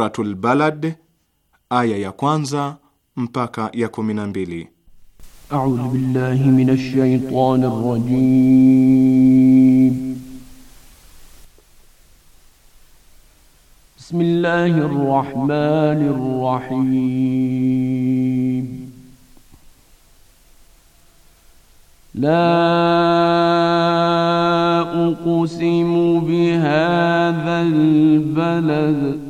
Suratul Balad aya ya kwanza mpaka ya kumi na mbili. A'udhu billahi minash shaitanir rajim. Bismillahir rahmanir rahim. لا أقسم بهذا البلد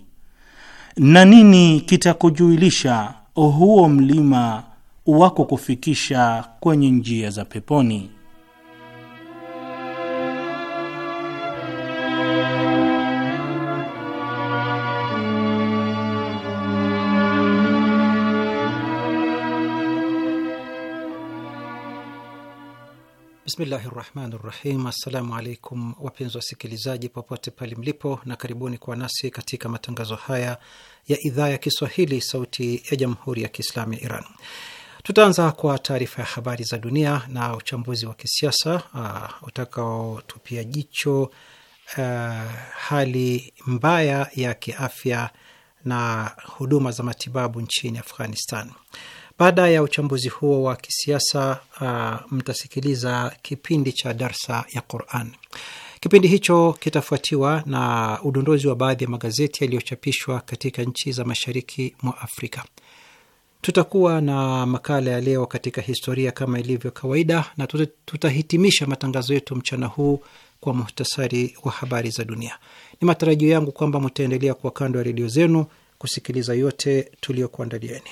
na nini kitakujuilisha huo mlima wako kufikisha kwenye njia za peponi? Bismillahi rahmani rahim. Assalamu alaikum wapenzi wasikilizaji popote pale mlipo, na karibuni kwa nasi katika matangazo haya ya idhaa ya Kiswahili, sauti ya jamhuri ya kiislamu ya Iran. Tutaanza kwa taarifa ya habari za dunia na uchambuzi wa kisiasa uh, utakaotupia jicho uh, hali mbaya ya kiafya na huduma za matibabu nchini Afghanistan. Baada ya uchambuzi huo wa kisiasa uh, mtasikiliza kipindi cha darsa ya Quran. Kipindi hicho kitafuatiwa na udondozi wa baadhi ya magazeti yaliyochapishwa katika nchi za mashariki mwa Afrika. Tutakuwa na makala ya leo katika historia kama ilivyo kawaida, na tutahitimisha matangazo yetu mchana huu kwa muhtasari wa habari za dunia. Ni matarajio yangu kwamba mtaendelea kuwa kando ya redio zenu kusikiliza yote tuliyokuandalieni.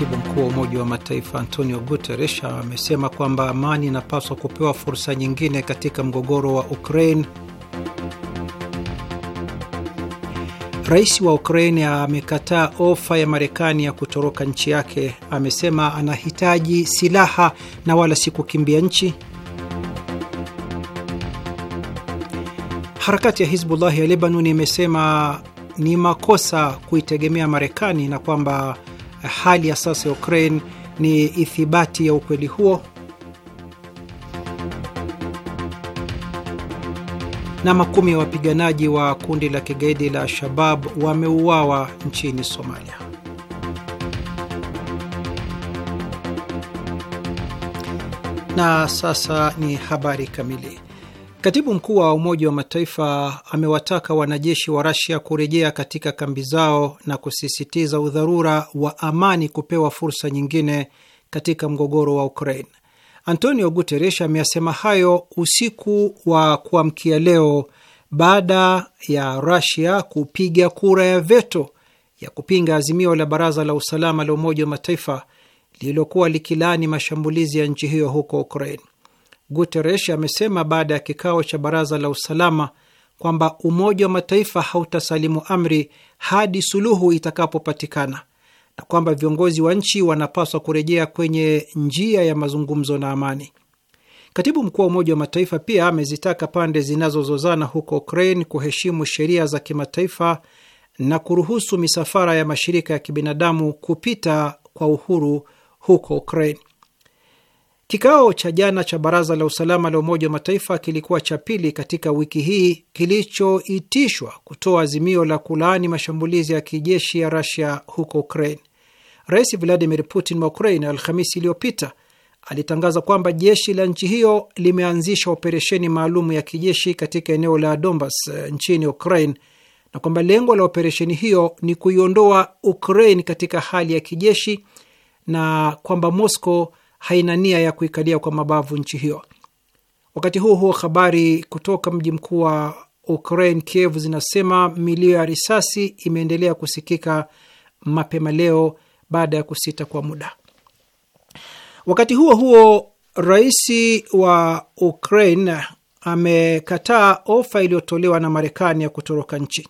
Katibu Mkuu wa Umoja wa Mataifa Antonio Guterres amesema kwamba amani inapaswa kupewa fursa nyingine katika mgogoro wa Ukraine. Rais wa Ukraine amekataa ofa ya Marekani ya kutoroka nchi yake. Amesema anahitaji silaha na wala si kukimbia nchi. Harakati ya Hizbullahi ya Lebanon imesema ni makosa kuitegemea Marekani na kwamba hali ya sasa ya Ukraine ni ithibati ya ukweli huo? Na makumi ya wapiganaji wa kundi la kigaidi la Shabab wameuawa nchini Somalia. Na sasa ni habari kamili. Katibu mkuu wa Umoja wa Mataifa amewataka wanajeshi wa Rasia kurejea katika kambi zao na kusisitiza udharura wa amani kupewa fursa nyingine katika mgogoro wa Ukraine. Antonio Guterres ameyasema hayo usiku wa kuamkia leo baada ya Rasia kupiga kura ya veto ya kupinga azimio la Baraza la Usalama la Umoja wa Mataifa lililokuwa likilaani mashambulizi ya nchi hiyo huko Ukraine. Guterres amesema baada ya kikao cha baraza la usalama kwamba Umoja wa Mataifa hautasalimu amri hadi suluhu itakapopatikana na kwamba viongozi wa nchi wanapaswa kurejea kwenye njia ya mazungumzo na amani. Katibu mkuu wa Umoja wa Mataifa pia amezitaka pande zinazozozana huko Ukraine kuheshimu sheria za kimataifa na kuruhusu misafara ya mashirika ya kibinadamu kupita kwa uhuru huko Ukraine. Kikao cha jana cha Baraza la Usalama la Umoja wa Mataifa kilikuwa cha pili katika wiki hii kilichoitishwa kutoa azimio la kulaani mashambulizi ya kijeshi ya rasia huko Ukraine. Rais Vladimir Putin wa Ukraine Alhamisi iliyopita alitangaza kwamba jeshi la nchi hiyo limeanzisha operesheni maalum ya kijeshi katika eneo la Donbas eh, nchini Ukraine na kwamba lengo la operesheni hiyo ni kuiondoa Ukraine katika hali ya kijeshi na kwamba Moscow haina nia ya kuikalia kwa mabavu nchi hiyo. Wakati huo huo, habari kutoka mji mkuu wa Ukraine Kiev zinasema milio ya risasi imeendelea kusikika mapema leo baada ya kusita kwa muda. Wakati huo huo, rais wa Ukraine amekataa ofa iliyotolewa na Marekani ya kutoroka nchi.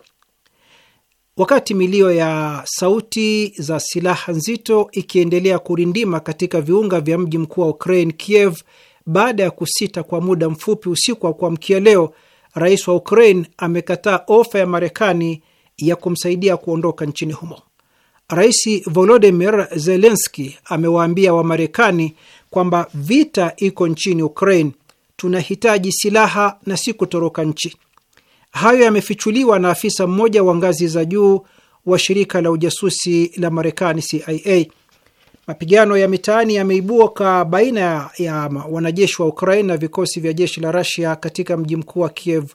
Wakati milio ya sauti za silaha nzito ikiendelea kurindima katika viunga vya mji mkuu wa Ukraine, Kiev, baada ya kusita kwa muda mfupi usiku wa kuamkia leo, rais wa Ukraine amekataa ofa ya Marekani ya kumsaidia kuondoka nchini humo. Rais volodimir zelenski amewaambia Wamarekani kwamba vita iko nchini Ukraine, tunahitaji silaha na si kutoroka nchi. Hayo yamefichuliwa na afisa mmoja wa ngazi za juu wa shirika la ujasusi la Marekani, CIA. Mapigano ya mitaani yameibuka baina ya wanajeshi wa Ukraine na vikosi vya jeshi la rasia katika mji mkuu wa Kiev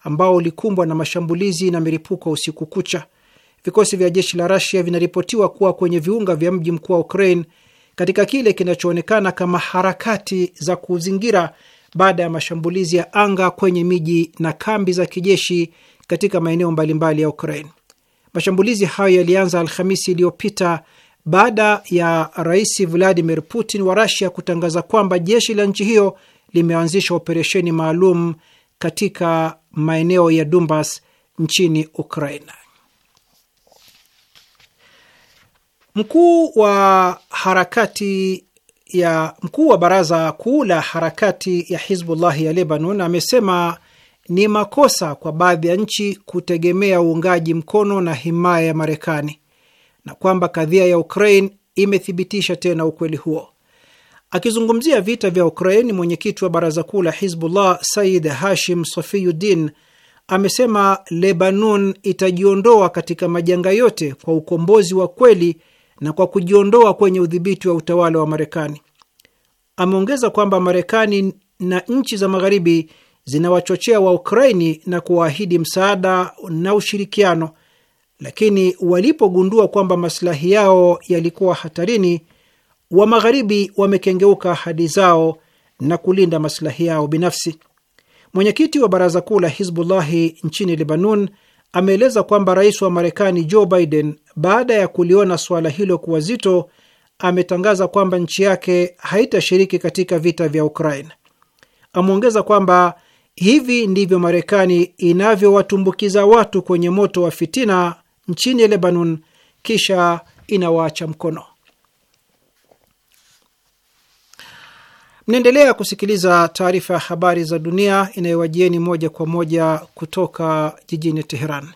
ambao ulikumbwa na mashambulizi na milipuko usiku kucha. Vikosi vya jeshi la rasia vinaripotiwa kuwa kwenye viunga vya mji mkuu wa Ukraine katika kile kinachoonekana kama harakati za kuzingira baada ya mashambulizi ya anga kwenye miji na kambi za kijeshi katika maeneo mbalimbali ya Ukraine. Mashambulizi hayo yalianza Alhamisi iliyopita baada ya Rais Vladimir Putin wa rasia kutangaza kwamba jeshi la nchi hiyo limeanzisha operesheni maalum katika maeneo ya Donbas nchini Ukraina. Mkuu wa harakati ya mkuu wa baraza kuu la harakati ya Hizbullahi ya Lebanon amesema ni makosa kwa baadhi ya nchi kutegemea uungaji mkono na himaya ya Marekani na kwamba kadhia ya Ukraine imethibitisha tena ukweli huo. Akizungumzia vita vya Ukraine, mwenyekiti wa baraza kuu la Hizbullah Said Hashim Safiyuddin amesema Lebanon itajiondoa katika majanga yote kwa ukombozi wa kweli na kwa kujiondoa kwenye udhibiti wa utawala wa Marekani. Ameongeza kwamba Marekani na nchi za Magharibi zinawachochea wa Ukraini na kuwaahidi msaada na ushirikiano, lakini walipogundua kwamba masilahi yao yalikuwa hatarini, wa Magharibi wamekengeuka ahadi zao na kulinda masilahi yao binafsi. Mwenyekiti wa baraza kuu la Hizbullahi nchini Lebanon ameeleza kwamba rais wa Marekani Joe Biden baada ya kuliona suala hilo kuwa zito, ametangaza kwamba nchi yake haitashiriki katika vita vya Ukraine. Ameongeza kwamba hivi ndivyo Marekani inavyowatumbukiza watu kwenye moto wa fitina nchini Lebanon, kisha inawaacha mkono. Mnaendelea kusikiliza taarifa ya habari za dunia inayowajieni moja kwa moja kutoka jijini Teheran.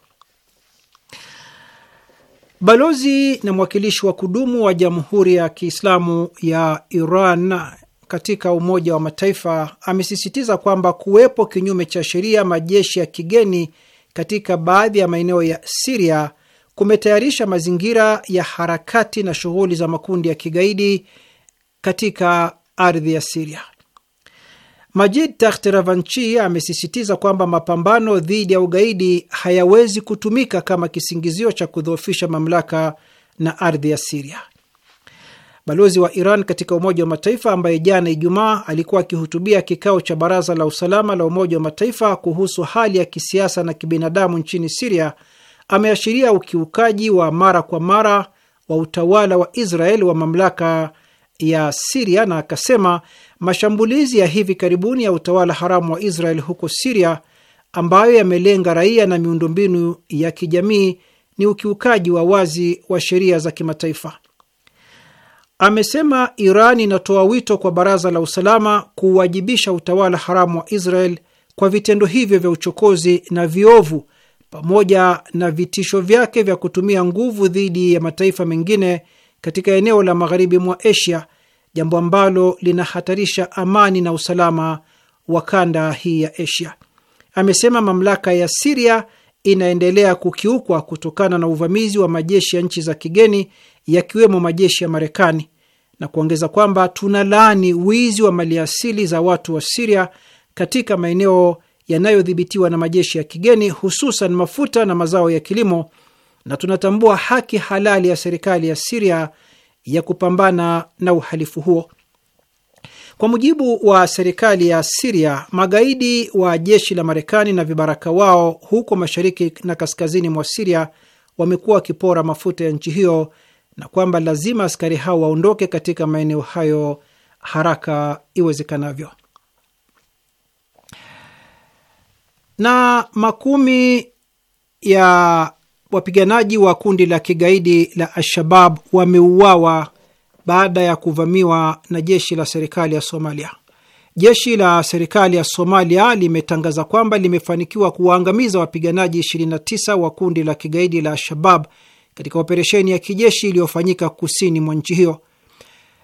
Balozi na mwakilishi wa kudumu wa Jamhuri ya Kiislamu ya Iran katika Umoja wa Mataifa amesisitiza kwamba kuwepo kinyume cha sheria majeshi ya kigeni katika baadhi ya maeneo ya Siria kumetayarisha mazingira ya harakati na shughuli za makundi ya kigaidi katika ardhi ya Siria. Majid Tahteravanchi amesisitiza kwamba mapambano dhidi ya ugaidi hayawezi kutumika kama kisingizio cha kudhoofisha mamlaka na ardhi ya Siria. Balozi wa Iran katika Umoja wa Mataifa ambaye jana Ijumaa alikuwa akihutubia kikao cha Baraza la Usalama la Umoja wa Mataifa kuhusu hali ya kisiasa na kibinadamu nchini Siria ameashiria ukiukaji wa mara kwa mara wa utawala wa Israel wa mamlaka ya Siria na akasema Mashambulizi ya hivi karibuni ya utawala haramu wa Israel huko Siria, ambayo yamelenga raia na miundombinu ya kijamii, ni ukiukaji wa wazi wa sheria za kimataifa. Amesema Iran inatoa wito kwa baraza la usalama kuuwajibisha utawala haramu wa Israel kwa vitendo hivyo vya uchokozi na viovu, pamoja na vitisho vyake vya kutumia nguvu dhidi ya mataifa mengine katika eneo la magharibi mwa Asia jambo ambalo linahatarisha amani na usalama wa kanda hii ya Asia. Amesema mamlaka ya Siria inaendelea kukiukwa kutokana na uvamizi wa majeshi ya nchi za kigeni yakiwemo majeshi ya Marekani na kuongeza kwamba tunalaani wizi wa maliasili za watu wa Siria katika maeneo yanayodhibitiwa na majeshi ya kigeni hususan mafuta na mazao ya kilimo na tunatambua haki halali ya serikali ya Siria ya kupambana na uhalifu huo. Kwa mujibu wa serikali ya Siria, magaidi wa jeshi la Marekani na vibaraka wao huko mashariki na kaskazini mwa Siria wamekuwa wakipora mafuta ya nchi hiyo na kwamba lazima askari hao waondoke katika maeneo hayo haraka iwezekanavyo. Na makumi ya wapiganaji wa kundi la kigaidi la al-shabab wameuawa baada ya kuvamiwa na jeshi la serikali ya Somalia. Jeshi la serikali ya Somalia limetangaza kwamba limefanikiwa kuwaangamiza wapiganaji 29 wa kundi la kigaidi la al-shabab katika operesheni ya kijeshi iliyofanyika kusini mwa nchi hiyo.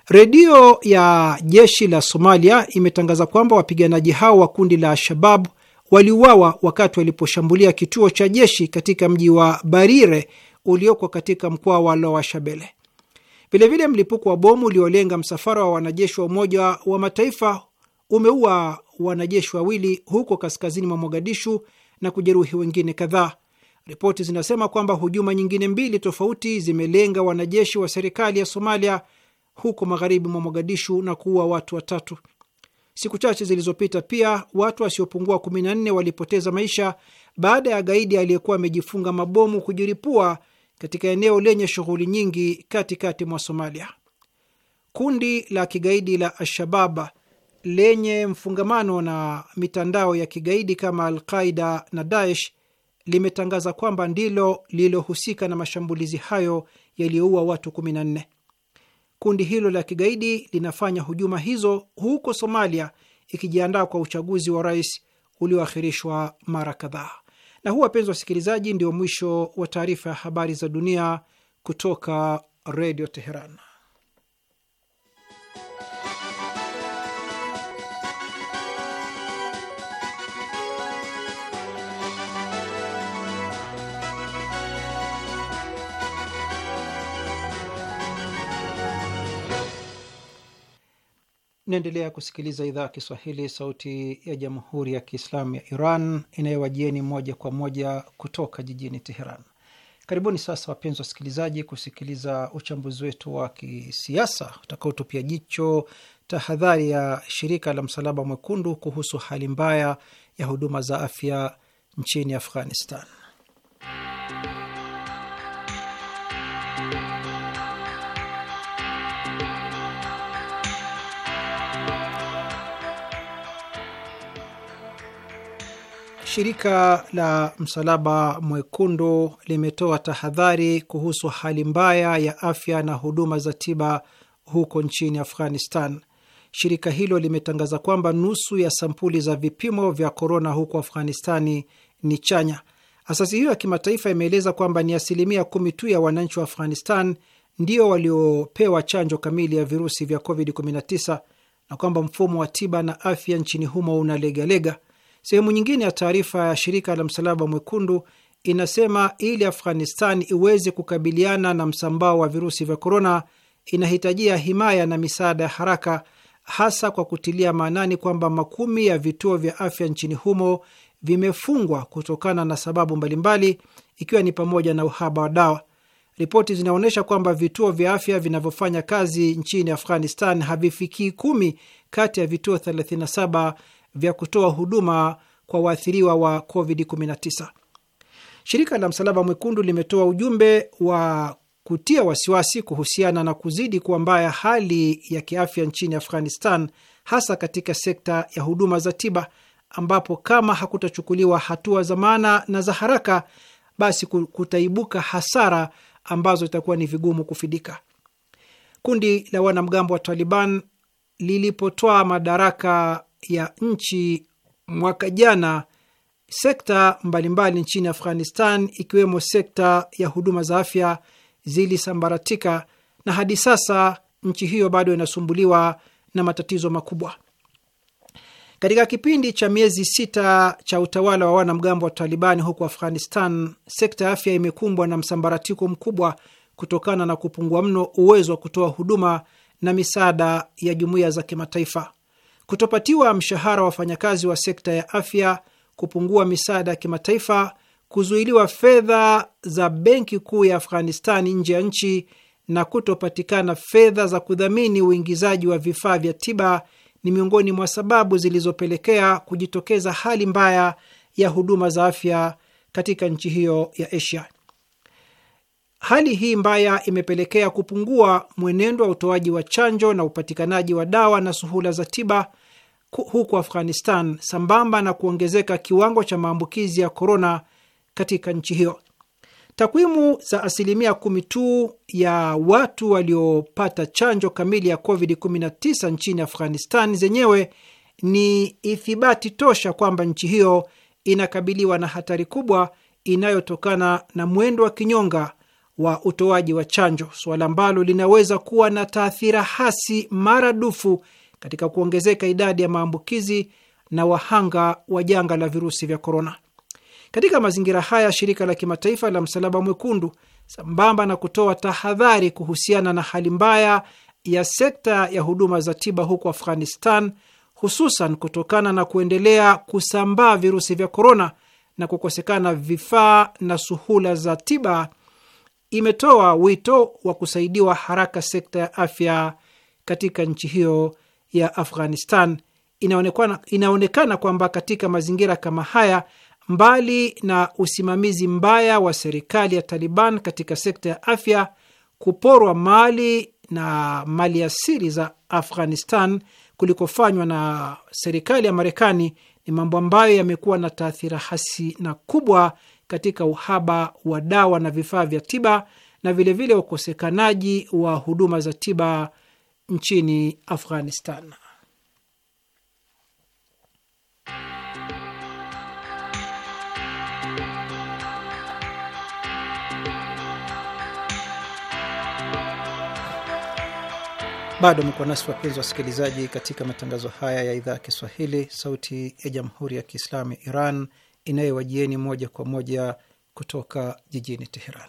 Redio ya jeshi la Somalia imetangaza kwamba wapiganaji hao wa kundi la Alshabab waliuawa wakati waliposhambulia kituo cha jeshi katika mji wa Barire ulioko katika mkoa wa Loa Shabele. Vilevile, mlipuko wa bomu uliolenga msafara wa wanajeshi wa Umoja wa Mataifa umeua wanajeshi wawili huko kaskazini mwa Mogadishu na kujeruhi wengine kadhaa. Ripoti zinasema kwamba hujuma nyingine mbili tofauti zimelenga wanajeshi wa serikali ya Somalia huko magharibi mwa Mogadishu na kuua watu watatu. Siku chache zilizopita pia watu wasiopungua 14 walipoteza maisha baada ya gaidi aliyekuwa amejifunga mabomu kujiripua katika eneo lenye shughuli nyingi katikati mwa Somalia. Kundi la kigaidi la Alshababa lenye mfungamano na mitandao ya kigaidi kama Alqaida na Daesh limetangaza kwamba ndilo lililohusika na mashambulizi hayo yaliyoua watu 14. Kundi hilo la kigaidi linafanya hujuma hizo huko Somalia ikijiandaa kwa uchaguzi wa rais ulioahirishwa mara kadhaa. Na huu, wapenzi wasikilizaji, ndio mwisho wa taarifa ya habari za dunia kutoka Redio Teheran. Naendelea kusikiliza idhaa ya Kiswahili, sauti ya jamhuri ya kiislamu ya Iran inayowajieni moja kwa moja kutoka jijini Teheran. Karibuni sasa, wapenzi wasikilizaji, kusikiliza uchambuzi wetu wa kisiasa utakaotupia jicho tahadhari ya shirika la Msalaba Mwekundu kuhusu hali mbaya ya huduma za afya nchini Afghanistan. Shirika la Msalaba Mwekundu limetoa tahadhari kuhusu hali mbaya ya afya na huduma za tiba huko nchini Afghanistan. Shirika hilo limetangaza kwamba nusu ya sampuli za vipimo vya korona huko Afghanistani ni chanya. Asasi hiyo ya kimataifa imeeleza kwamba ni asilimia kumi tu ya wananchi wa Afghanistan ndio waliopewa chanjo kamili ya virusi vya COVID-19 na kwamba mfumo wa tiba na afya nchini humo unalegalega. Sehemu nyingine ya taarifa ya shirika la Msalaba Mwekundu inasema ili Afghanistan iweze kukabiliana na msambao wa virusi vya korona, inahitajia himaya na misaada ya haraka, hasa kwa kutilia maanani kwamba makumi ya vituo vya afya nchini humo vimefungwa kutokana na sababu mbalimbali, ikiwa ni pamoja na uhaba wa dawa. Ripoti zinaonyesha kwamba vituo vya afya vinavyofanya kazi nchini Afghanistan havifikii kumi kati ya vituo 37 vya kutoa huduma kwa waathiriwa wa COVID-19. Shirika la Msalaba Mwekundu limetoa ujumbe wa kutia wasiwasi kuhusiana na kuzidi kuwa mbaya hali ya kiafya nchini Afghanistan, hasa katika sekta ya huduma za tiba, ambapo kama hakutachukuliwa hatua za maana na za haraka, basi kutaibuka hasara ambazo itakuwa ni vigumu kufidika. Kundi la wanamgambo wa Taliban lilipotoa madaraka ya nchi mwaka jana, sekta mbalimbali nchini Afghanistan ikiwemo sekta ya huduma za afya zilisambaratika na hadi sasa nchi hiyo bado inasumbuliwa na matatizo makubwa. Katika kipindi cha miezi sita cha utawala wa wanamgambo wa Talibani huko Afghanistan, sekta ya afya imekumbwa na msambaratiko mkubwa kutokana na kupungua mno uwezo wa kutoa huduma na misaada ya jumuiya za kimataifa kutopatiwa mshahara wafanyakazi wa sekta ya afya, kupungua misaada ya kimataifa, kuzuiliwa fedha za benki kuu ya Afghanistani nje ya nchi na kutopatikana fedha za kudhamini uingizaji wa vifaa vya tiba ni miongoni mwa sababu zilizopelekea kujitokeza hali mbaya ya huduma za afya katika nchi hiyo ya Asia. Hali hii mbaya imepelekea kupungua mwenendo wa utoaji wa chanjo na upatikanaji wa dawa na suhula za tiba huku Afghanistan, sambamba na kuongezeka kiwango cha maambukizi ya korona katika nchi hiyo. Takwimu za asilimia kumi tu ya watu waliopata chanjo kamili ya COVID-19 nchini Afghanistan zenyewe ni ithibati tosha kwamba nchi hiyo inakabiliwa na hatari kubwa inayotokana na mwendo wa kinyonga wa utoaji wa chanjo, suala ambalo linaweza kuwa na taathira hasi maradufu katika kuongezeka idadi ya maambukizi na wahanga wa janga la virusi vya korona. Katika mazingira haya, shirika la kimataifa la Msalaba Mwekundu, sambamba na kutoa tahadhari kuhusiana na hali mbaya ya sekta ya huduma za tiba huko Afghanistan, hususan kutokana na kuendelea kusambaa virusi vya korona na kukosekana vifaa na suhula za tiba imetoa wito wa kusaidiwa haraka sekta ya afya katika nchi hiyo ya Afghanistan. Inaonekana, inaonekana kwamba katika mazingira kama haya, mbali na usimamizi mbaya wa serikali ya Taliban katika sekta ya afya, kuporwa mali na mali asili za Afghanistan kulikofanywa na serikali ya Marekani ni mambo ambayo yamekuwa na taathira hasi na kubwa katika uhaba wa dawa na vifaa vya tiba na vilevile ukosekanaji wa huduma za tiba nchini Afghanistan. Bado mko nasi wapenzi wasikilizaji, katika matangazo haya ya idhaa ya Kiswahili, Sauti ya Jamhuri ya Kiislamu ya Iran inayowajieni moja kwa moja kutoka jijini Teheran.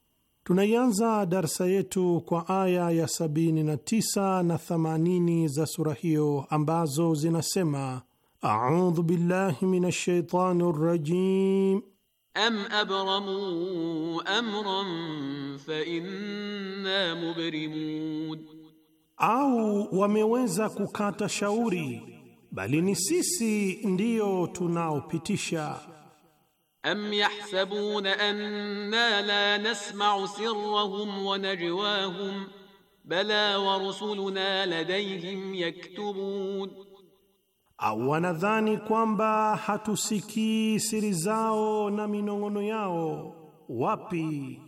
Tunaianza darsa yetu kwa aya ya 79 na 80 za sura hiyo ambazo zinasema: audhu billahi minash shaitani rajim am abramu amran fa inna mubrimun, au wameweza kukata shauri, bali ni sisi ndiyo tunaopitisha am yahsabuna anna la nasma'u sirrahum wa najwahum bala wa rusuluna ladayhim yaktubun, au wanadhani kwamba hatusikii siri zao na minong'ono yao? Wapi,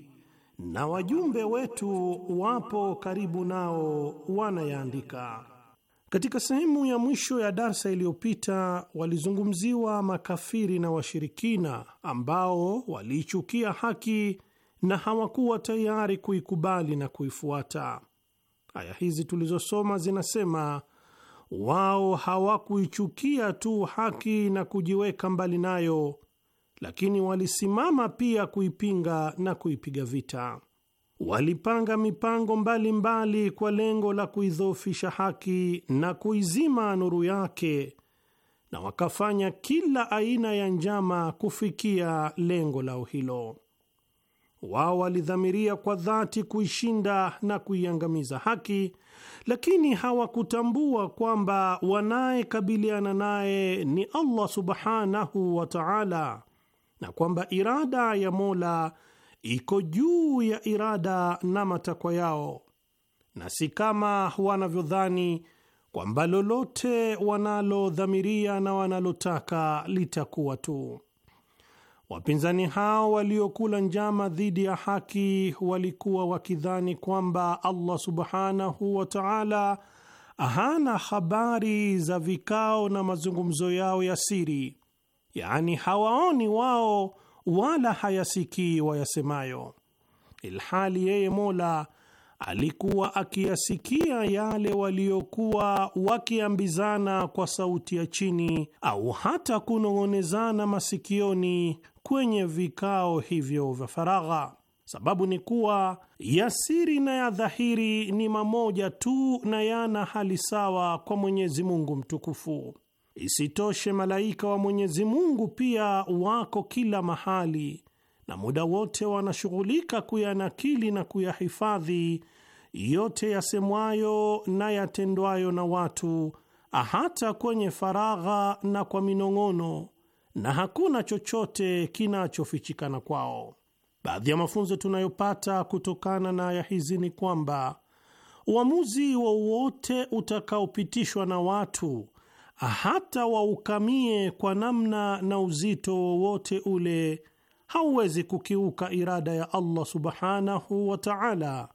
na wajumbe wetu wapo karibu nao wanayaandika. Katika sehemu ya mwisho ya darsa iliyopita walizungumziwa makafiri na washirikina ambao waliichukia haki na hawakuwa tayari kuikubali na kuifuata. Aya hizi tulizosoma zinasema wao hawakuichukia tu haki na kujiweka mbali nayo, lakini walisimama pia kuipinga na kuipiga vita walipanga mipango mbalimbali mbali kwa lengo la kuidhoofisha haki na kuizima nuru yake, na wakafanya kila aina ya njama kufikia lengo lao hilo. Wao walidhamiria kwa dhati kuishinda na kuiangamiza haki, lakini hawakutambua kwamba wanayekabiliana naye ni Allah subhanahu wa ta'ala, na kwamba irada ya Mola iko juu ya irada na matakwa yao, na si kama wanavyodhani kwamba lolote wanalodhamiria na wanalotaka litakuwa tu. Wapinzani hao waliokula njama dhidi ya haki walikuwa wakidhani kwamba Allah subhanahu wa ta'ala hana habari za vikao na mazungumzo yao ya siri, yaani hawaoni wao wala hayasikii wayasemayo, ilhali yeye Mola alikuwa akiyasikia yale waliokuwa wakiambizana kwa sauti ya chini au hata kunong'onezana masikioni kwenye vikao hivyo vya faragha. Sababu ni kuwa ya siri na ya dhahiri ni mamoja tu na yana hali sawa kwa Mwenyezi Mungu mtukufu. Isitoshe, malaika wa Mwenyezi Mungu pia wako kila mahali na muda wote wanashughulika kuyanakili na kuyahifadhi yote yasemwayo na yatendwayo na watu, hata kwenye faragha na kwa minong'ono, na hakuna chochote kinachofichikana kwao. Baadhi ya mafunzo tunayopata kutokana na aya hizi ni kwamba uamuzi wowote utakaopitishwa na watu hata waukamie kwa namna na uzito wowote ule, hauwezi kukiuka irada ya Allah subhanahu wa ta'ala,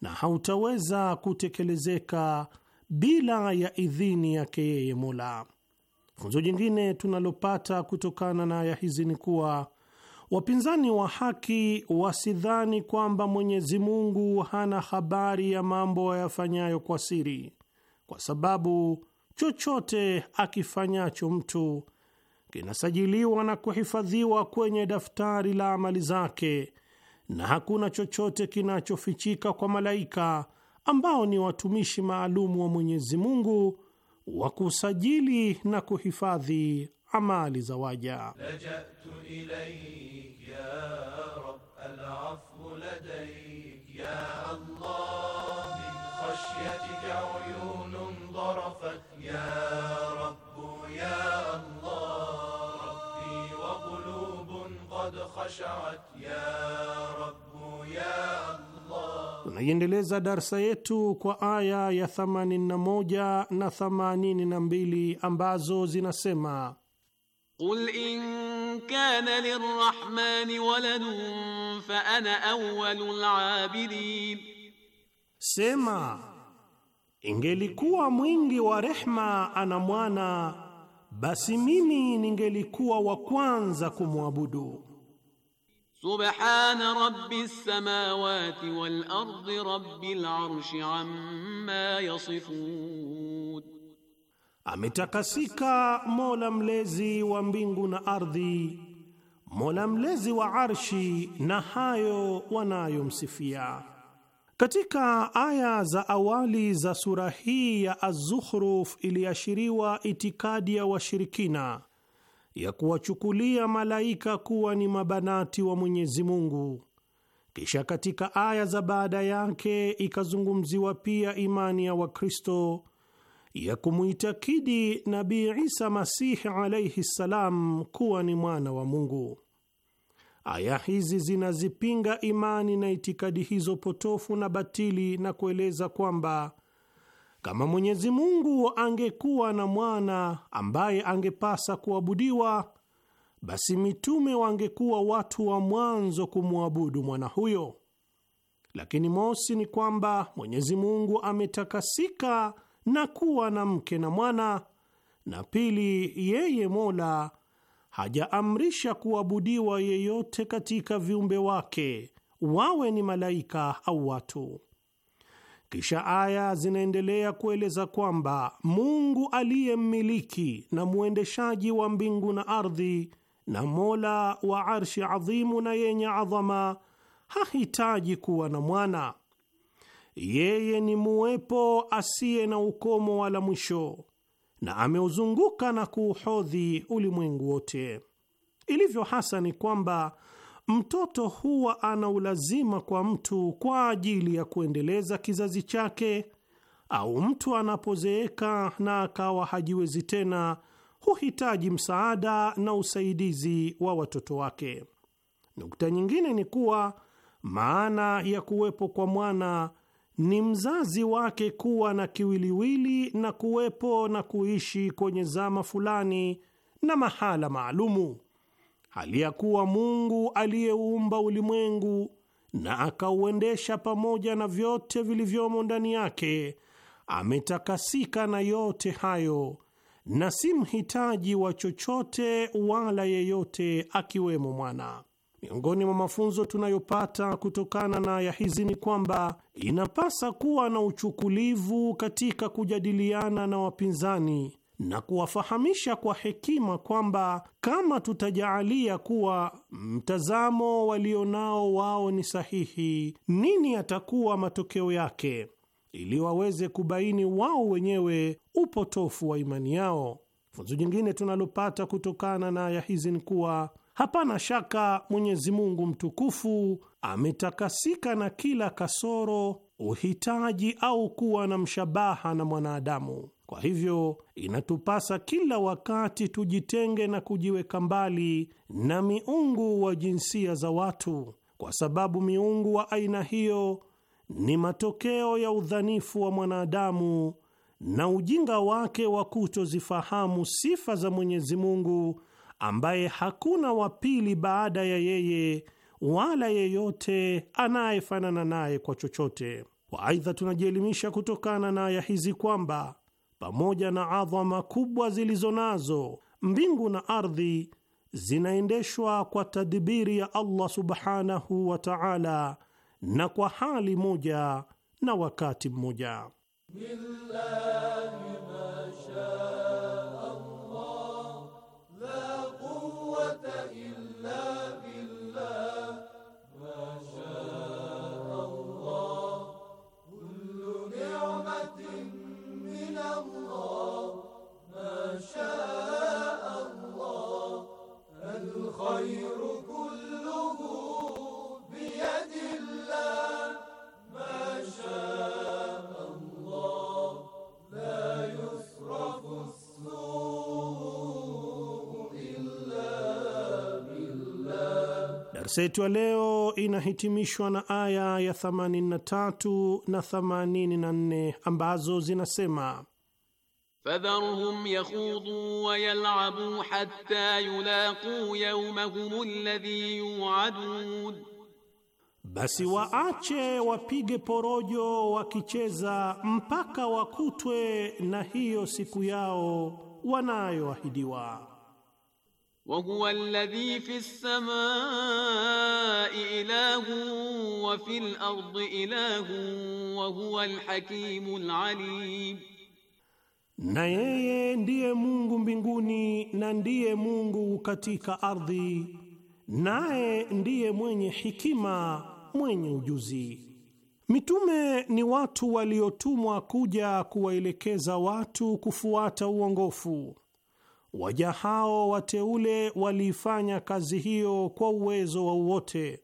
na hautaweza kutekelezeka bila ya idhini yake yeye Mola. Funzo jingine tunalopata kutokana na aya hizi ni kuwa wapinzani wa haki wasidhani kwamba Mwenyezi Mungu hana habari ya mambo ayafanyayo kwa siri, kwa sababu chochote akifanyacho mtu kinasajiliwa na kuhifadhiwa kwenye daftari la amali zake, na hakuna chochote kinachofichika kwa malaika ambao ni watumishi maalumu wa Mwenyezi Mungu wa kusajili na kuhifadhi amali za waja. يا رب يا الله ربي وقلوب قد خشعت يا رب يا الله Tunaiendeleza darsa yetu kwa aya ya 81 na 82 ambazo zinasema قل إن كان للرحمن ولد فأنا أول العابدين Sema Ingelikuwa mwingi wa rehma ana mwana, basi mimi ningelikuwa wa kwanza kumwabudu. Subhana rabbis samawati wal ardi rabbil arshi amma yasifun, ametakasika Mola mlezi wa mbingu na ardhi, Mola mlezi wa arshi na hayo wanayomsifia. Katika aya za awali za sura hii ya Az-Zukhruf iliashiriwa itikadi ya washirikina ya kuwachukulia malaika kuwa ni mabanati wa Mwenyezi Mungu. Kisha katika aya za baada yake ikazungumziwa pia imani ya Wakristo ya kumwitakidi Nabii Isa Masihi alaihi ssalam kuwa ni mwana wa Mungu. Aya hizi zinazipinga imani na itikadi hizo potofu na batili na kueleza kwamba kama Mwenyezi Mungu angekuwa na mwana ambaye angepasa kuabudiwa, basi mitume wangekuwa watu wa mwanzo kumwabudu mwana huyo. Lakini mosi ni kwamba Mwenyezi Mungu ametakasika na kuwa na mke na mwana, na pili, yeye Mola hajaamrisha kuabudiwa yeyote katika viumbe wake, wawe ni malaika au watu. Kisha aya zinaendelea kueleza kwamba Mungu aliye mmiliki na mwendeshaji wa mbingu na ardhi na mola wa arshi adhimu na yenye adhama hahitaji kuwa na mwana. Yeye ni muwepo asiye na ukomo wala mwisho, na ameuzunguka na kuuhodhi ulimwengu wote. Ilivyo hasa ni kwamba mtoto huwa ana ulazima kwa mtu kwa ajili ya kuendeleza kizazi chake, au mtu anapozeeka na akawa hajiwezi tena, huhitaji msaada na usaidizi wa watoto wake. Nukta nyingine ni kuwa maana ya kuwepo kwa mwana ni mzazi wake kuwa na kiwiliwili na kuwepo na kuishi kwenye zama fulani na mahala maalumu, hali ya kuwa Mungu aliyeuumba ulimwengu na akauendesha pamoja na vyote vilivyomo ndani yake ametakasika na yote hayo na si mhitaji wa chochote wala yeyote akiwemo mwana. Miongoni mwa mafunzo tunayopata kutokana na aya hizi ni kwamba inapasa kuwa na uchukulivu katika kujadiliana na wapinzani na kuwafahamisha kwa hekima kwamba kama tutajaalia kuwa mtazamo walionao wao ni sahihi, nini atakuwa matokeo yake, ili waweze kubaini wao wenyewe upotofu wa imani yao. Funzo jingine tunalopata kutokana na aya hizi ni kuwa Hapana shaka Mwenyezi Mungu mtukufu ametakasika na kila kasoro, uhitaji au kuwa na mshabaha na mwanadamu. Kwa hivyo inatupasa kila wakati tujitenge na kujiweka mbali na miungu wa jinsia za watu, kwa sababu miungu wa aina hiyo ni matokeo ya udhanifu wa mwanadamu na ujinga wake wa kutozifahamu sifa za Mwenyezi Mungu ambaye hakuna wa pili baada ya yeye wala yeyote anayefanana naye kwa chochote. Waaidha, tunajielimisha kutokana na aya hizi kwamba pamoja na adhama kubwa zilizo nazo mbingu na ardhi, zinaendeshwa kwa tadbiri ya Allah subhanahu wa ta'ala, na kwa hali moja na wakati mmoja. the darsa yetu ya leo inahitimishwa na aya ya 83 na 84 ambazo zinasema Fadharhum yakhudu wa yal'abu hatta yulaqu yawmahum alladhi yu'adun, basi waache wapige porojo wakicheza mpaka wakutwe na hiyo siku yao wanayoahidiwa wahuwa alladhi fi lsamai ilahu wa fi lardi ilahu wahuwa alhakimu na yeye ndiye Mungu mbinguni na ndiye Mungu katika ardhi, naye ndiye mwenye hikima mwenye ujuzi. Mitume ni watu waliotumwa kuja kuwaelekeza watu kufuata uongofu Waja hao wateule waliifanya kazi hiyo kwa uwezo wao wote,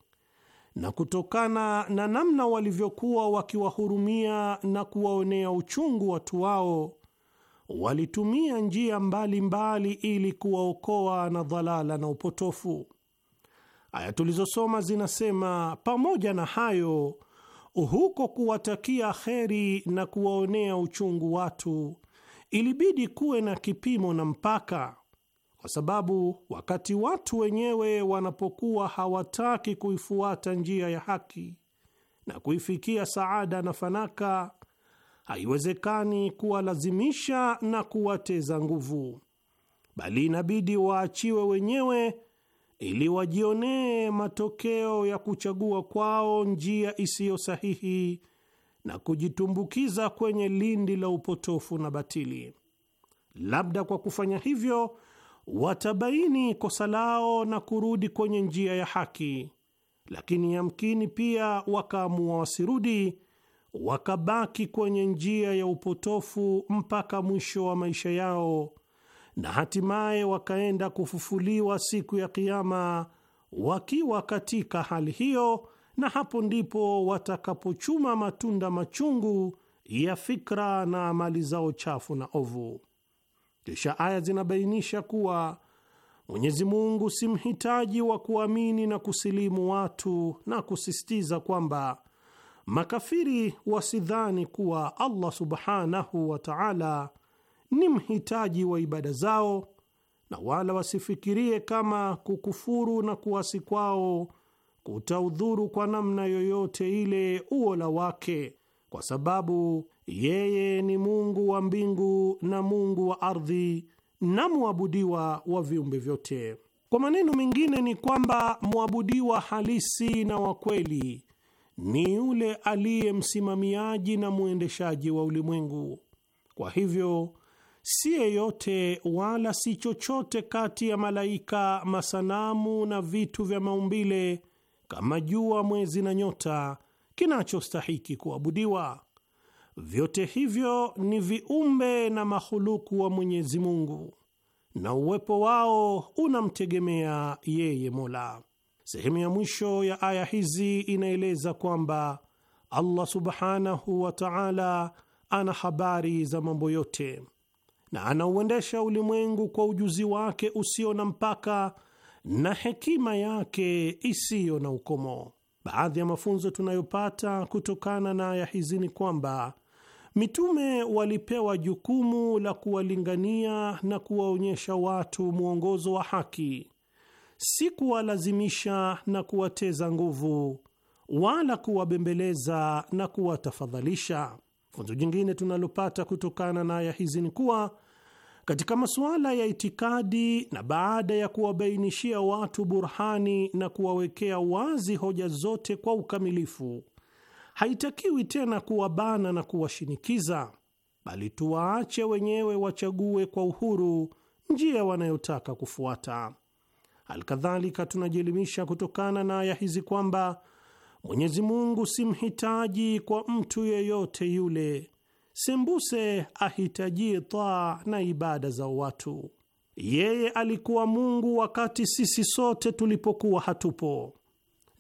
na kutokana na namna walivyokuwa wakiwahurumia na kuwaonea uchungu watu wao, walitumia njia mbalimbali mbali ili kuwaokoa na dhalala na upotofu. Aya tulizosoma zinasema, pamoja na hayo, huko kuwatakia kheri na kuwaonea uchungu watu ilibidi kuwe na kipimo na mpaka, kwa sababu wakati watu wenyewe wanapokuwa hawataki kuifuata njia ya haki na kuifikia saada na fanaka, haiwezekani kuwalazimisha na kuwateza nguvu, bali inabidi waachiwe wenyewe ili wajionee matokeo ya kuchagua kwao njia isiyo sahihi na kujitumbukiza kwenye lindi la upotofu na batili. Labda kwa kufanya hivyo watabaini kosa lao na kurudi kwenye njia ya haki, lakini yamkini pia wakaamua wasirudi, wakabaki kwenye njia ya upotofu mpaka mwisho wa maisha yao, na hatimaye wakaenda kufufuliwa siku ya Kiama wakiwa katika hali hiyo na hapo ndipo watakapochuma matunda machungu ya fikra na amali zao chafu na ovu. Kisha aya zinabainisha kuwa Mwenyezi Mungu si mhitaji wa kuamini na kusilimu watu na kusisitiza kwamba makafiri wasidhani kuwa Allah subhanahu wa ta'ala ni mhitaji wa ibada zao na wala wasifikirie kama kukufuru na kuasi kwao kutaudhuru kwa namna yoyote ile uola wake, kwa sababu yeye ni Mungu wa mbingu na Mungu wa ardhi na mwabudiwa wa viumbe vyote. Kwa maneno mengine, ni kwamba mwabudiwa halisi na wa kweli ni yule aliye msimamiaji na mwendeshaji wa ulimwengu. Kwa hivyo si yeyote wala si chochote kati ya malaika, masanamu na vitu vya maumbile kama jua, mwezi na nyota, kinachostahiki kuabudiwa. Vyote hivyo ni viumbe na mahuluku wa Mwenyezi Mungu, na uwepo wao unamtegemea yeye Mola. Sehemu ya mwisho ya aya hizi inaeleza kwamba Allah subhanahu wa taala ana habari za mambo yote na anauendesha ulimwengu kwa ujuzi wake usio na mpaka na hekima yake isiyo na ukomo. Baadhi ya mafunzo tunayopata kutokana na aya hizi ni kwamba mitume walipewa jukumu la kuwalingania na kuwaonyesha watu mwongozo wa haki, si kuwalazimisha na kuwateza nguvu wala kuwabembeleza na kuwatafadhalisha. Funzo jingine tunalopata kutokana na aya hizi ni kuwa katika masuala ya itikadi, na baada ya kuwabainishia watu burhani na kuwawekea wazi hoja zote kwa ukamilifu, haitakiwi tena kuwabana na kuwashinikiza, bali tuwaache wenyewe wachague kwa uhuru njia wanayotaka kufuata. Alkadhalika, tunajielimisha kutokana na aya hizi kwamba Mwenyezi Mungu si mhitaji kwa mtu yeyote yule sembuse ahitajie taa na ibada za watu. Yeye alikuwa Mungu wakati sisi sote tulipokuwa hatupo,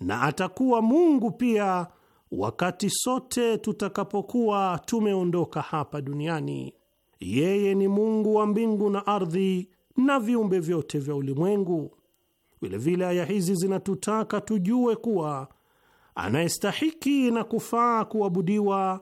na atakuwa Mungu pia wakati sote tutakapokuwa tumeondoka hapa duniani. Yeye ni Mungu wa mbingu na ardhi na viumbe vyote vya ulimwengu. Vilevile aya hizi zinatutaka tujue kuwa anayestahiki na kufaa kuabudiwa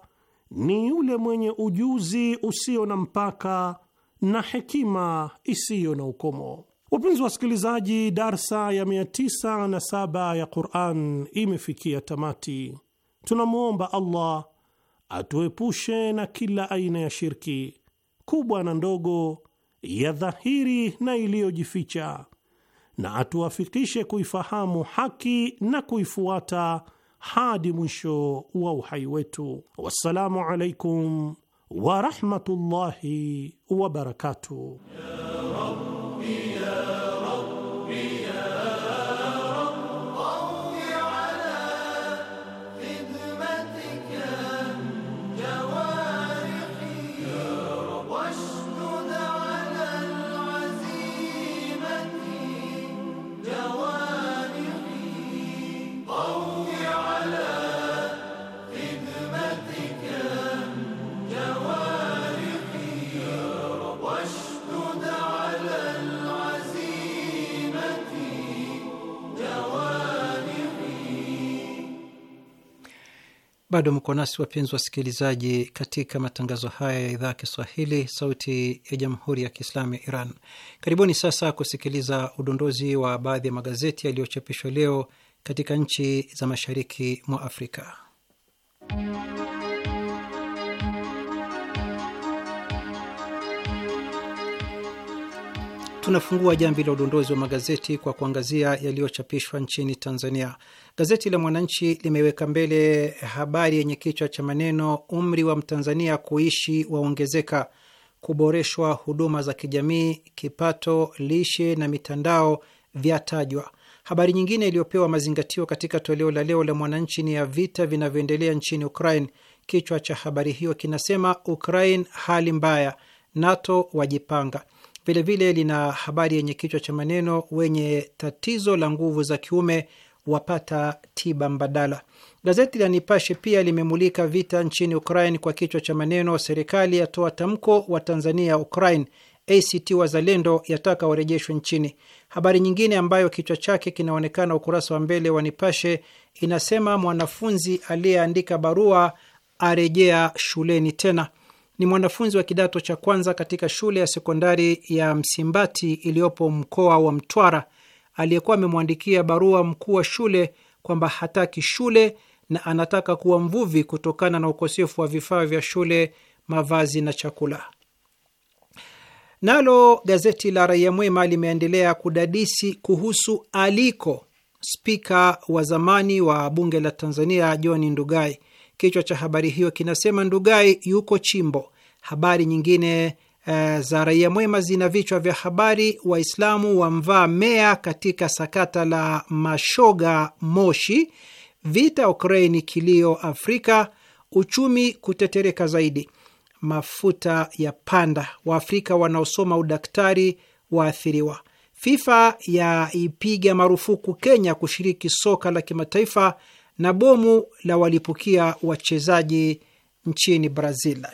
ni yule mwenye ujuzi usio na mpaka na hekima isiyo na ukomo. Wapenzi wasikilizaji, darsa ya 97 ya Quran imefikia tamati. Tunamwomba Allah atuepushe na kila aina ya shirki kubwa na ndogo, ya dhahiri na iliyojificha, na atuafikishe kuifahamu haki na kuifuata hadi mwisho wa uhai wetu. Wassalamu alaikum warahmatullahi wabarakatuh. Bado mko nasi wapenzi wasikilizaji, katika matangazo haya ya idhaa ya Kiswahili, sauti ya jamhuri ya kiislamu ya Iran. Karibuni sasa kusikiliza udondozi wa baadhi ya magazeti yaliyochapishwa leo katika nchi za mashariki mwa Afrika. Tunafungua jamvi la udondozi wa magazeti kwa kuangazia yaliyochapishwa nchini Tanzania. Gazeti la Mwananchi limeweka mbele habari yenye kichwa cha maneno umri wa Mtanzania kuishi waongezeka, kuboreshwa huduma za kijamii, kipato, lishe na mitandao vyatajwa. Habari nyingine iliyopewa mazingatio katika toleo la leo la Mwananchi ni ya vita vinavyoendelea nchini Ukraine. Kichwa cha habari hiyo kinasema Ukraine hali mbaya, NATO wajipanga Vilevile lina habari yenye kichwa cha maneno wenye tatizo la nguvu za kiume wapata tiba mbadala. Gazeti la Nipashe pia limemulika vita nchini Ukraine kwa kichwa cha maneno serikali yatoa tamko wa Tanzania Ukraine, ACT Wazalendo yataka warejeshwe nchini. Habari nyingine ambayo kichwa chake kinaonekana ukurasa wa mbele wa Nipashe inasema mwanafunzi aliyeandika barua arejea shuleni tena ni mwanafunzi wa kidato cha kwanza katika shule ya sekondari ya Msimbati iliyopo mkoa wa Mtwara, aliyekuwa amemwandikia barua mkuu wa shule kwamba hataki shule na anataka kuwa mvuvi kutokana na ukosefu wa vifaa vya shule, mavazi na chakula. Nalo gazeti la Raia Mwema limeendelea kudadisi kuhusu aliko spika wa zamani wa bunge la Tanzania John Ndugai Kichwa cha habari hiyo kinasema Ndugai yuko Chimbo. Habari nyingine uh, za Raia Mwema zina vichwa vya habari: Waislamu wamvaa meya katika sakata la mashoga Moshi, vita Ukraini kilio Afrika, uchumi kutetereka zaidi, mafuta ya panda, Waafrika wanaosoma udaktari waathiriwa, FIFA yaipiga marufuku Kenya kushiriki soka la kimataifa na bomu la walipukia wachezaji nchini Brazil.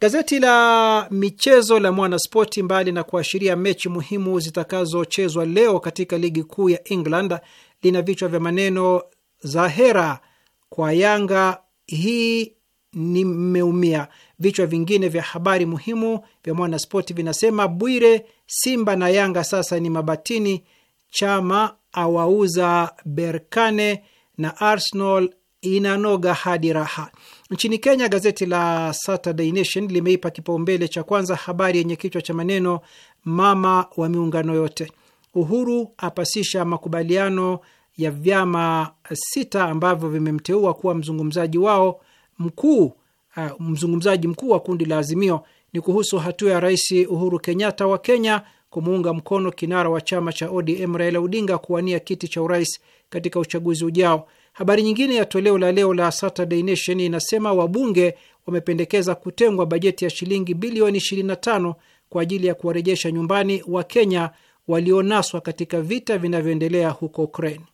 Gazeti la michezo la Mwanaspoti, mbali na kuashiria mechi muhimu zitakazochezwa leo katika ligi kuu ya England, lina vichwa vya maneno za hera kwa Yanga, hii nimeumia. Vichwa vingine vya habari muhimu vya Mwanaspoti vinasema Bwire, Simba na Yanga sasa ni mabatini, Chama awauza Berkane, na Arsenal inanoga hadi raha. Nchini Kenya, gazeti la Saturday Nation limeipa kipaumbele cha kwanza habari yenye kichwa cha maneno mama wa miungano yote, Uhuru apasisha makubaliano ya vyama sita ambavyo vimemteua kuwa mzungumzaji wao mkuu, uh, mzungumzaji mkuu wa kundi la Azimio. Ni kuhusu hatua ya Rais Uhuru Kenyatta wa Kenya kumuunga mkono kinara wa chama cha ODM Raila Odinga kuwania kiti cha urais katika uchaguzi ujao. Habari nyingine ya toleo la leo la Saturday Nation inasema wabunge wamependekeza kutengwa bajeti ya shilingi bilioni 25 kwa ajili ya kuwarejesha nyumbani Wakenya walionaswa katika vita vinavyoendelea huko Ukraine.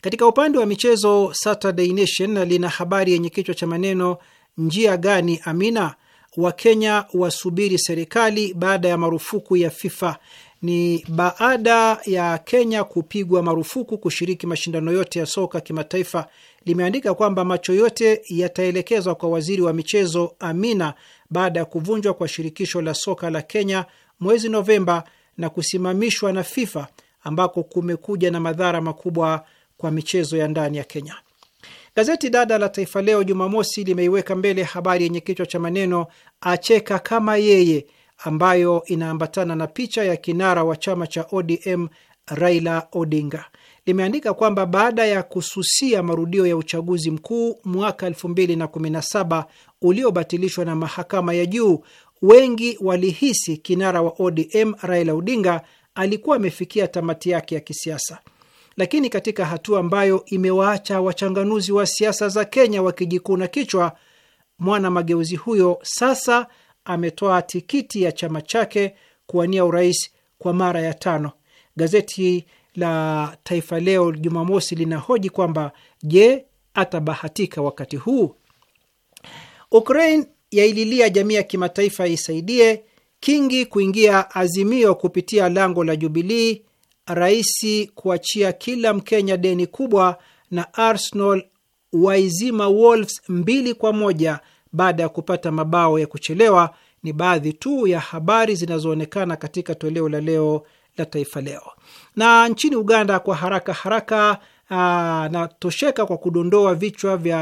Katika upande wa michezo, Saturday Nation lina habari yenye kichwa cha maneno njia gani Amina, Wakenya wasubiri serikali baada ya marufuku ya FIFA ni baada ya Kenya kupigwa marufuku kushiriki mashindano yote ya soka kimataifa, limeandika kwamba macho yote yataelekezwa kwa waziri wa michezo Amina baada ya kuvunjwa kwa shirikisho la soka la Kenya mwezi Novemba na kusimamishwa na FIFA ambako kumekuja na madhara makubwa kwa michezo ya ndani ya Kenya. Gazeti dada la Taifa Leo Jumamosi limeiweka mbele habari yenye kichwa cha maneno acheka kama yeye ambayo inaambatana na picha ya kinara wa chama cha ODM Raila Odinga limeandika kwamba baada ya kususia marudio ya uchaguzi mkuu mwaka 2017 uliobatilishwa na mahakama ya juu, wengi walihisi kinara wa ODM Raila Odinga alikuwa amefikia tamati yake ya kisiasa, lakini katika hatua ambayo imewaacha wachanganuzi wa siasa za Kenya wakijikuna kichwa, mwana mageuzi huyo sasa ametoa tikiti ya chama chake kuwania urais kwa mara ya tano. Gazeti la Taifa Leo Jumamosi linahoji kwamba je, atabahatika wakati huu? Ukraine yaililia jamii ya kimataifa isaidie. Kingi kuingia Azimio kupitia lango la Jubilii. Raisi kuachia kila Mkenya deni kubwa. Na Arsenal waizima Wolves mbili kwa moja baada ya kupata mabao ya kuchelewa ni baadhi tu ya habari zinazoonekana katika toleo la leo la Taifa Leo. Na nchini Uganda, kwa haraka haraka natosheka kwa kudondoa vichwa vya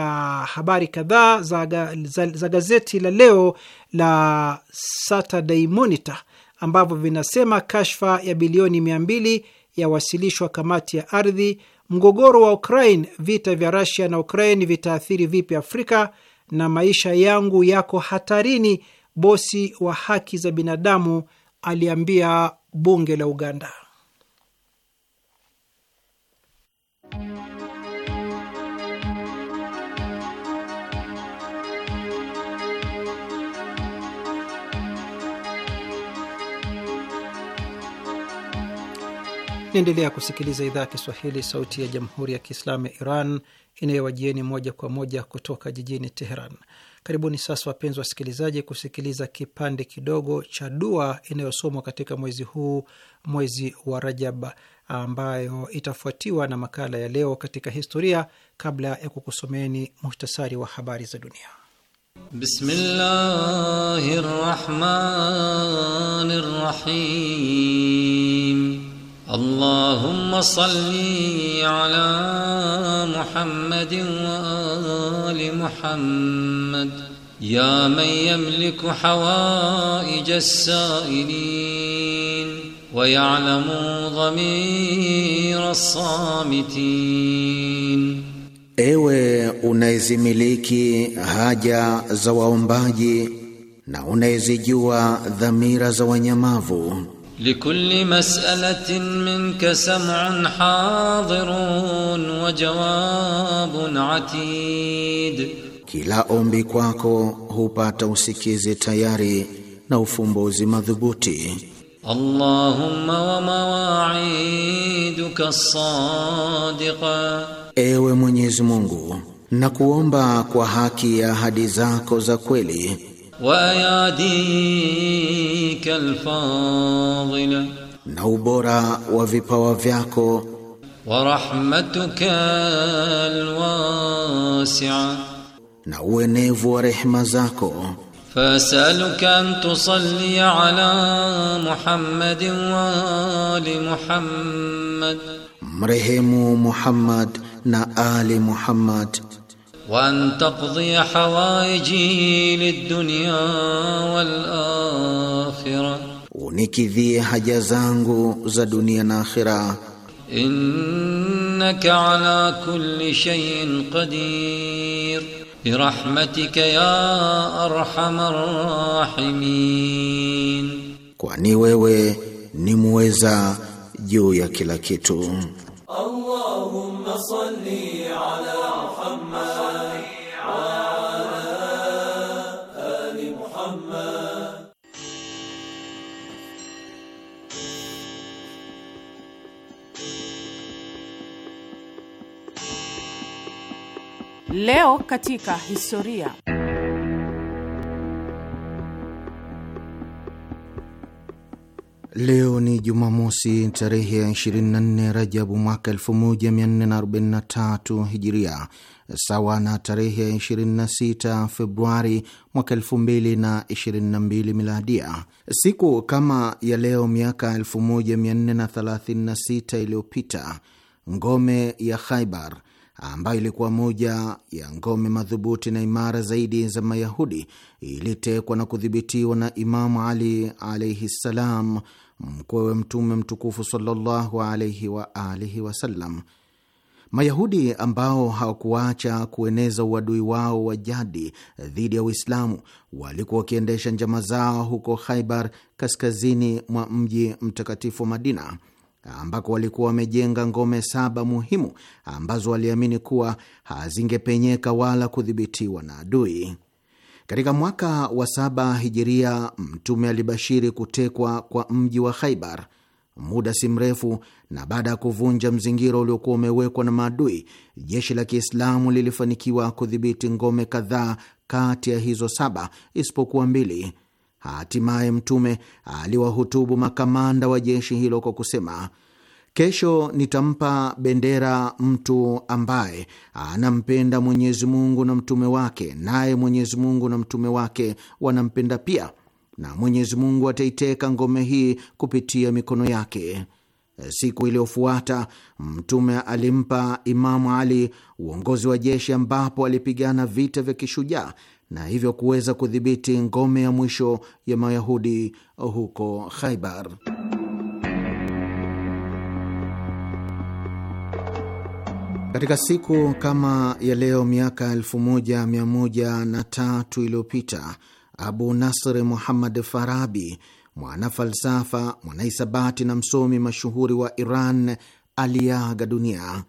habari kadhaa za, za, za gazeti la leo la Saturday Monitor ambavyo vinasema kashfa ya bilioni mia mbili yawasilishwa kamati ya ardhi, mgogoro wa Ukraine, vita vya Russia na Ukraine vitaathiri vipi Afrika, na maisha yangu yako hatarini, bosi wa haki za binadamu aliambia bunge la Uganda. Naendelea kusikiliza idhaa ya Kiswahili, sauti ya jamhuri ya kiislamu ya Iran inayowajieni moja kwa moja kutoka jijini Teheran. Karibuni sasa, wapenzi wasikilizaji, kusikiliza kipande kidogo cha dua inayosomwa katika mwezi huu, mwezi wa Rajab, ambayo itafuatiwa na makala ya leo katika historia, kabla ya kukusomeni muhtasari wa habari za dunia. Rahim. اللهم صل على محمد وآل محمد يا من يملك حوائج السائلين ويعلم ضمير الصامتين ewe unayezimiliki haja za waombaji na unayezijua dhamira za wanyamavu لكل مسألة منك سمع حاضر وجواب عتيد kila ombi kwako hupata usikizi tayari na ufumbuzi madhubuti Allahumma wa mawaiduka sadiqa Ewe Mwenyezi Mungu nakuomba kwa haki ya ahadi zako za kweli واياديك الفاضله نوبرا وفي فياكو ورحمتك الواسعه نوينيفو رحمه زاكو فاسالك ان تصلي على محمد وال محمد مرهم محمد نآل محمد وأن تقضي حوائجي للدنيا والآخرة unikidhie haja zangu za dunia na akhira innaka ala kulli shay'in qadir birahmatika ya arhamar rahimin kwani wewe ni muweza juu ya kila kitu allahumma salli ala Leo katika historia. Leo ni Jumamosi tarehe ya 24 Rajabu mwaka 1443 Hijiria, sawa na tarehe ya 26 Februari mwaka 2022 Miladia. Siku kama ya leo miaka 1436 iliyopita, ngome ya Khaibar ambayo ilikuwa moja ya ngome madhubuti na imara zaidi za Mayahudi, ilitekwa na kudhibitiwa na Imamu Ali alaihi ssalam, mkwewe Mtume mtukufu sallallahu alaihi wa alihi wasallam. Mayahudi ambao hawakuacha kueneza uadui wao wa jadi dhidi ya Uislamu walikuwa wakiendesha njama zao huko Khaibar, kaskazini mwa mji mtakatifu wa Madina ambako walikuwa wamejenga ngome saba muhimu ambazo waliamini kuwa hazingepenyeka wala kudhibitiwa na adui. Katika mwaka wa saba hijiria, Mtume alibashiri kutekwa kwa mji wa Khaibar. Muda si mrefu na baada ya kuvunja mzingiro uliokuwa umewekwa na maadui, jeshi la Kiislamu lilifanikiwa kudhibiti ngome kadhaa kati ya hizo saba isipokuwa mbili. Hatimaye Mtume aliwahutubu makamanda wa jeshi hilo kwa kusema, kesho nitampa bendera mtu ambaye anampenda Mwenyezi Mungu na mtume wake, naye Mwenyezi Mungu na mtume wake wanampenda pia, na Mwenyezi Mungu ataiteka ngome hii kupitia mikono yake. Siku iliyofuata Mtume alimpa Imamu Ali uongozi wa jeshi ambapo alipigana vita vya kishujaa na hivyo kuweza kudhibiti ngome ya mwisho ya Mayahudi huko Khaibar. Katika siku kama ya leo miaka 1103 iliyopita Abu Nasr Muhammad Farabi, mwana falsafa, mwanahisabati na msomi mashuhuri wa Iran aliaga dunia.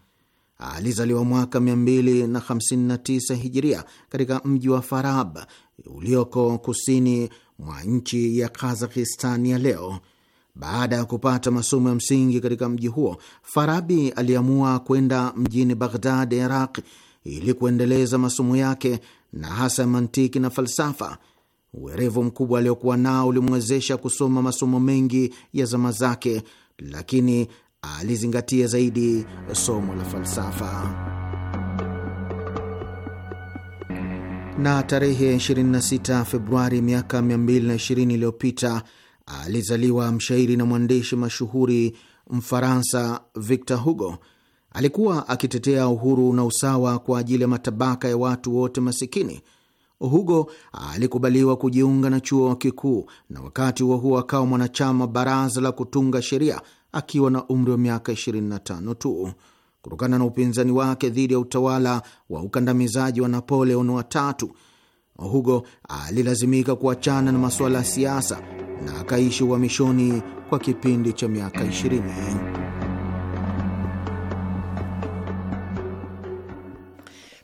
Alizaliwa mwaka 259 hijiria katika mji wa Farab ulioko kusini mwa nchi ya kazakhistan ya leo. Baada ya kupata masomo ya msingi katika mji huo, Farabi aliamua kwenda mjini Baghdad, Iraq, ili kuendeleza masomo yake na hasa ya mantiki na falsafa. Uwerevu mkubwa aliokuwa nao ulimwezesha kusoma masomo mengi ya zama zake, lakini alizingatia zaidi somo la falsafa. Na tarehe 26 Februari miaka 220 iliyopita alizaliwa mshairi na mwandishi mashuhuri Mfaransa Victor Hugo. Alikuwa akitetea uhuru na usawa kwa ajili ya matabaka ya watu wote masikini. Hugo alikubaliwa kujiunga na chuo kikuu na wakati huo huo akawa mwanachama baraza la kutunga sheria akiwa na umri wa miaka 25 tu. Kutokana na upinzani wake dhidi ya utawala wa ukandamizaji wa Napoleon watatu, Hugo alilazimika kuachana na masuala ya siasa na akaishi uhamishoni kwa kipindi cha miaka 20.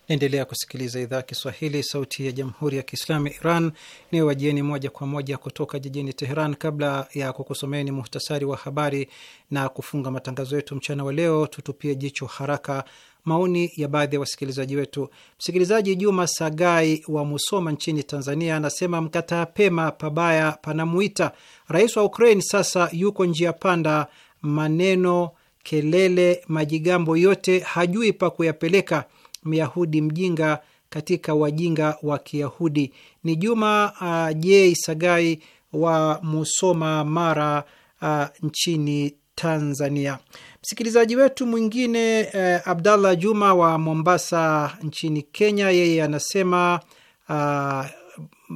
Naendelea kusikiliza idhaa ya Kiswahili, sauti ya jamhuri ya kiislamu ya Iran inayowajieni moja kwa moja kutoka jijini Teheran. Kabla ya kukusomeni muhtasari wa habari na kufunga matangazo yetu mchana wa leo, tutupie jicho haraka maoni ya baadhi ya wasikilizaji wetu. Msikilizaji Juma Sagai wa Musoma nchini Tanzania anasema mkataa pema pabaya panamuita. Rais wa Ukraine sasa yuko njia panda, maneno, kelele, majigambo yote hajui pa kuyapeleka myahudi mjinga katika wajinga wa Kiyahudi. Ni Juma uh, J Sagai wa Musoma, Mara uh, nchini Tanzania. Msikilizaji wetu mwingine uh, Abdallah Juma wa Mombasa nchini Kenya, yeye anasema uh,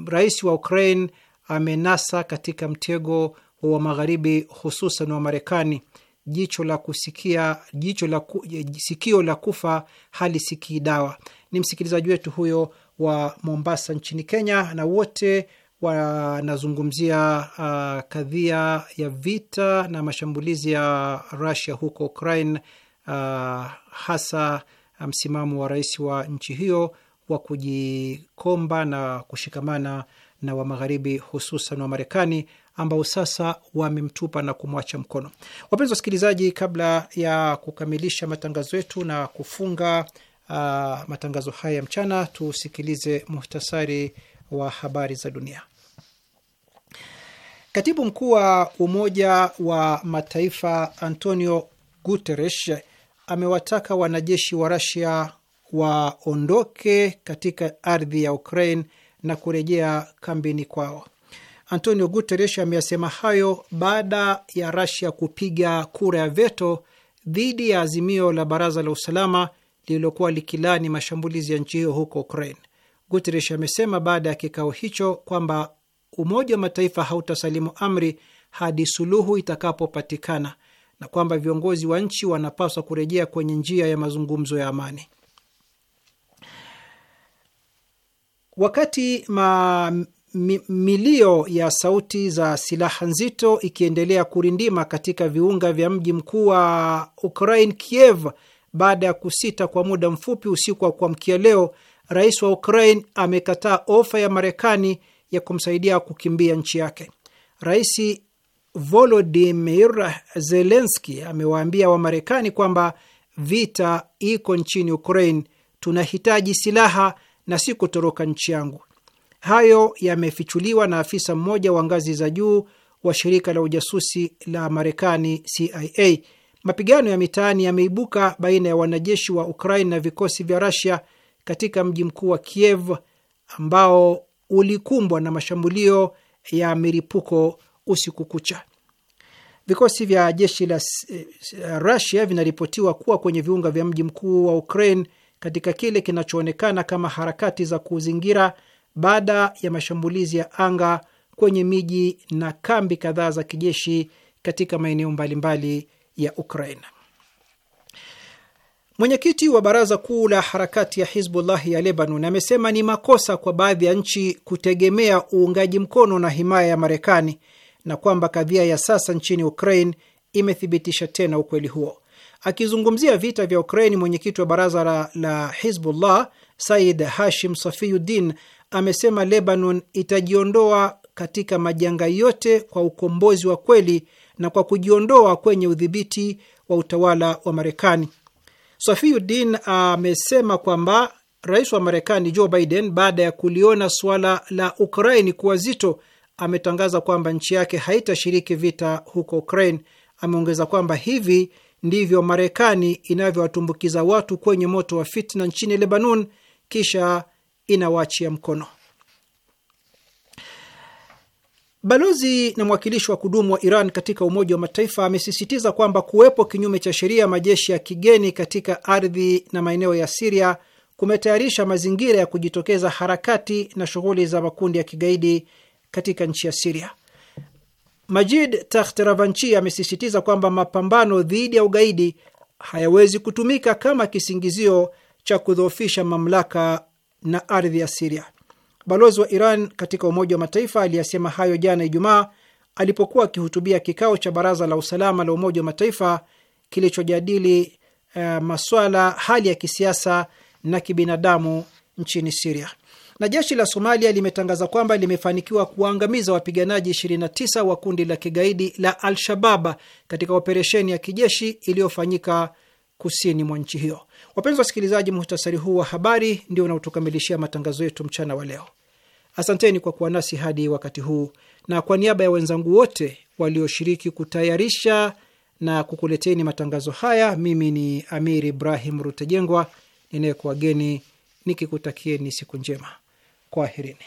rais wa Ukraine amenasa katika mtego wa Magharibi, hususan wa Marekani jicho la kusikia, jicho la ku, eh, sikio la kufa halisikii dawa. Ni msikilizaji wetu huyo wa Mombasa nchini Kenya, na wote wanazungumzia uh, kadhia ya vita na mashambulizi ya Russia huko Ukraine, uh, hasa ah, msimamo wa rais wa nchi hiyo wa kujikomba na kushikamana na wa Magharibi, hususan wa Marekani ambao sasa wamemtupa na kumwacha mkono. Wapenzi wasikilizaji, kabla ya kukamilisha matangazo yetu na kufunga uh, matangazo haya ya mchana, tusikilize muhtasari wa habari za dunia. Katibu mkuu wa Umoja wa Mataifa Antonio Guterres amewataka wanajeshi wa Rasia waondoke katika ardhi ya Ukraine na kurejea kambini kwao. Antonio Guterres ameyasema hayo baada ya Rasia kupiga kura ya veto dhidi ya azimio la baraza la usalama lililokuwa likilani mashambulizi ya nchi hiyo huko Ukraine. Guterres amesema baada ya kikao hicho kwamba Umoja wa Mataifa hautasalimu amri hadi suluhu itakapopatikana na kwamba viongozi wa nchi wanapaswa kurejea kwenye njia ya mazungumzo ya amani. Wakati ma milio ya sauti za silaha nzito ikiendelea kurindima katika viunga vya mji mkuu wa Ukraine, Kiev, baada ya kusita kwa muda mfupi usiku wa kuamkia leo, rais wa Ukraine amekataa ofa ya Marekani ya kumsaidia kukimbia nchi yake. Rais Volodimir Zelenski amewaambia Wamarekani kwamba vita iko nchini Ukraine, tunahitaji silaha na si kutoroka nchi yangu. Hayo yamefichuliwa na afisa mmoja wa ngazi za juu wa shirika la ujasusi la Marekani, CIA. Mapigano ya mitaani yameibuka baina ya wanajeshi wa Ukraine na vikosi vya rasia katika mji mkuu wa Kiev ambao ulikumbwa na mashambulio ya milipuko usiku kucha. Vikosi vya jeshi la eh, eh, Rusia vinaripotiwa kuwa kwenye viunga vya mji mkuu wa Ukraine katika kile kinachoonekana kama harakati za kuzingira baada ya mashambulizi ya anga kwenye miji na kambi kadhaa za kijeshi katika maeneo mbalimbali ya Ukraina. Mwenyekiti wa baraza kuu la harakati ya Hizbullah ya Lebanon amesema ni makosa kwa baadhi ya nchi kutegemea uungaji mkono na himaya ya Marekani na kwamba kadhia ya sasa nchini Ukraine imethibitisha tena ukweli huo. Akizungumzia vita vya Ukraine, mwenyekiti wa baraza la, la Hizbullah Said Hashim Safiyuddin amesema Lebanon itajiondoa katika majanga yote kwa ukombozi wa kweli na kwa kujiondoa kwenye udhibiti wa utawala wa Marekani. Safiuddin amesema kwamba rais wa Marekani Joe Biden, baada ya kuliona suala la ukrain kuwa zito, ametangaza kwamba nchi yake haitashiriki vita huko Ukraine. Ameongeza kwamba hivi ndivyo Marekani inavyowatumbukiza watu kwenye moto wa fitna nchini Lebanon, kisha inawaachia mkono. Balozi na mwakilishi wa kudumu wa Iran katika Umoja wa Mataifa amesisitiza kwamba kuwepo kinyume cha sheria majeshi ya kigeni katika ardhi na maeneo ya Siria kumetayarisha mazingira ya kujitokeza harakati na shughuli za makundi ya kigaidi katika nchi ya Siria. Majid Tahteravanchi amesisitiza kwamba mapambano dhidi ya ugaidi hayawezi kutumika kama kisingizio cha kudhoofisha mamlaka na ardhi ya Siria. Balozi wa Iran katika Umoja wa Mataifa aliyasema hayo jana Ijumaa alipokuwa akihutubia kikao cha Baraza la Usalama la Umoja wa Mataifa kilichojadili uh, maswala hali ya kisiasa na kibinadamu nchini Siria. Na jeshi la Somalia limetangaza kwamba limefanikiwa kuwaangamiza wapiganaji 29 wa kundi la kigaidi la Al-Shabab katika operesheni ya kijeshi iliyofanyika kusini mwa nchi hiyo. Wapenzi wasikilizaji, muhtasari huu wa habari ndio unaotukamilishia matangazo yetu mchana wa leo. Asanteni kwa kuwa nasi hadi wakati huu, na kwa niaba ya wenzangu wote walioshiriki kutayarisha na kukuleteni matangazo haya, mimi ni Amir Ibrahim Rutejengwa ninayekuwageni nikikutakieni siku njema. Kwaherini.